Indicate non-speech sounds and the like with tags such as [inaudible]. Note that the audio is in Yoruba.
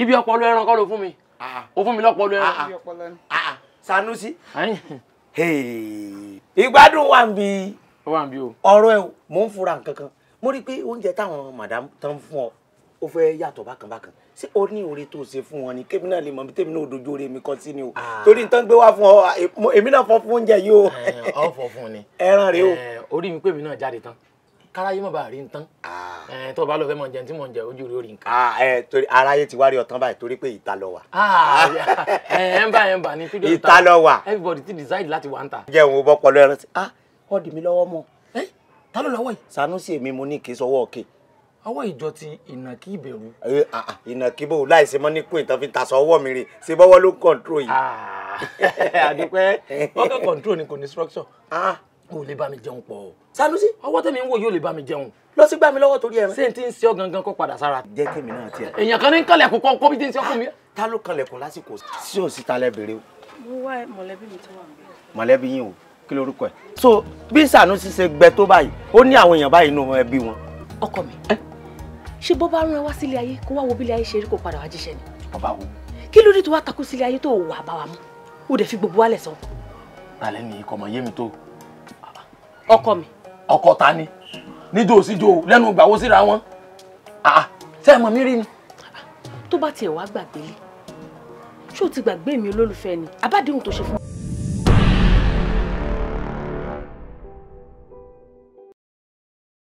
ibi ọpọlọ ẹran kọ́ ló fún mi ah, ah. ó fún mi lọ́pọlọ ẹran. Ah, Sanusi ìgbádùn wà ń bi ọ̀rọ̀ ẹ̀ mò ń fura nǹkan kan mo rí i pé oúnjẹ táwọn madam tán fún ọ ó fẹ́ yàtọ̀ bákan bákan ṣé o ní oore tó ṣe fún wọn ni kébì náà lè mọ bí tèmi náà dojú oore mi kan sí ni o torí nǹkan gbé wá fún ọ èmi náà fọ fún oúnjẹ yìí o. Eh, ọ fọ fún ni [laughs] ẹran rèé o. Eh, orí mi pé mi náà jáde tán káráyé mọ̀ bá rí n tán ah. eh, tó o bá lọ fẹ́ mọ̀ jẹun tí mò ń jẹ ojú rí orí nǹkan. Ah, aráyé ti wá rí ọtán báyìí torí pé ìta lọ wà. Ah, [laughs] eh, ẹ ń bá ẹ ń ìta lọ wà everybody ti decide láti wà ń ta. jẹ́ òun bọ́ pọ̀lọ́ ẹran sí ah ọ̀dì mi lọ́wọ́ mọ́. ẹ eh, ta ló lọ́wọ́ yìí. Sanusi èmi mo ní kí sọwọ́ òkè. ọwọ́ ìjọ ti ìnàkí ìbẹ̀rù. ìnàkí bò láìsí mọ́ ní queen tán fi tasọ̀ ọwọ́ mi rìn ṣe bọ́wọ́ ló control yìí. àdúpẹ́ [laughs] [laughs] ni kò ní kò lè bá mi jẹun pọ̀ Sanusi ọwọ́ tẹ̀mí ń wò yóò lè bá mi jẹun lọ sí gbá mi lọ́wọ́ torí ẹran. ṣé n ti ń ṣe ọ gangan kó padà sára. jẹ́ kí mi náà tiẹ̀. èèyàn kan ní ń kànlẹ̀kùn kan kó bí ti ń ṣe ọkùnrin mi. Ah, ta ló kànlẹ̀kùn lásìkò sí ò síta lẹ́bẹ̀rẹ̀ o. mo wá mọ̀lẹ́bí mi tó wà níbẹ̀. mọ̀lẹ́bí yín o kí lorúkọ ẹ̀. so bí Sanusi ṣe gbẹ tó báyìí ó ní àwọn èèyàn báyìí nù ẹbí wọn. ọkọ mi ṣé bó bá rán ẹ wá sílé ayé kó wá wo o dẹ̀ fi gbogbo wa ọkọ mi. ọkọ ta ni níjó síjó lẹ́nu ìgbàwó síra wọn ah, ah, ṣé ẹ mọ̀ mí rí ni. tó bá tiẹ̀ wá gbàgbé ṣé o ti gbàgbé mi olólùfẹ́ ni àbádéhùn tó ṣe fún mi.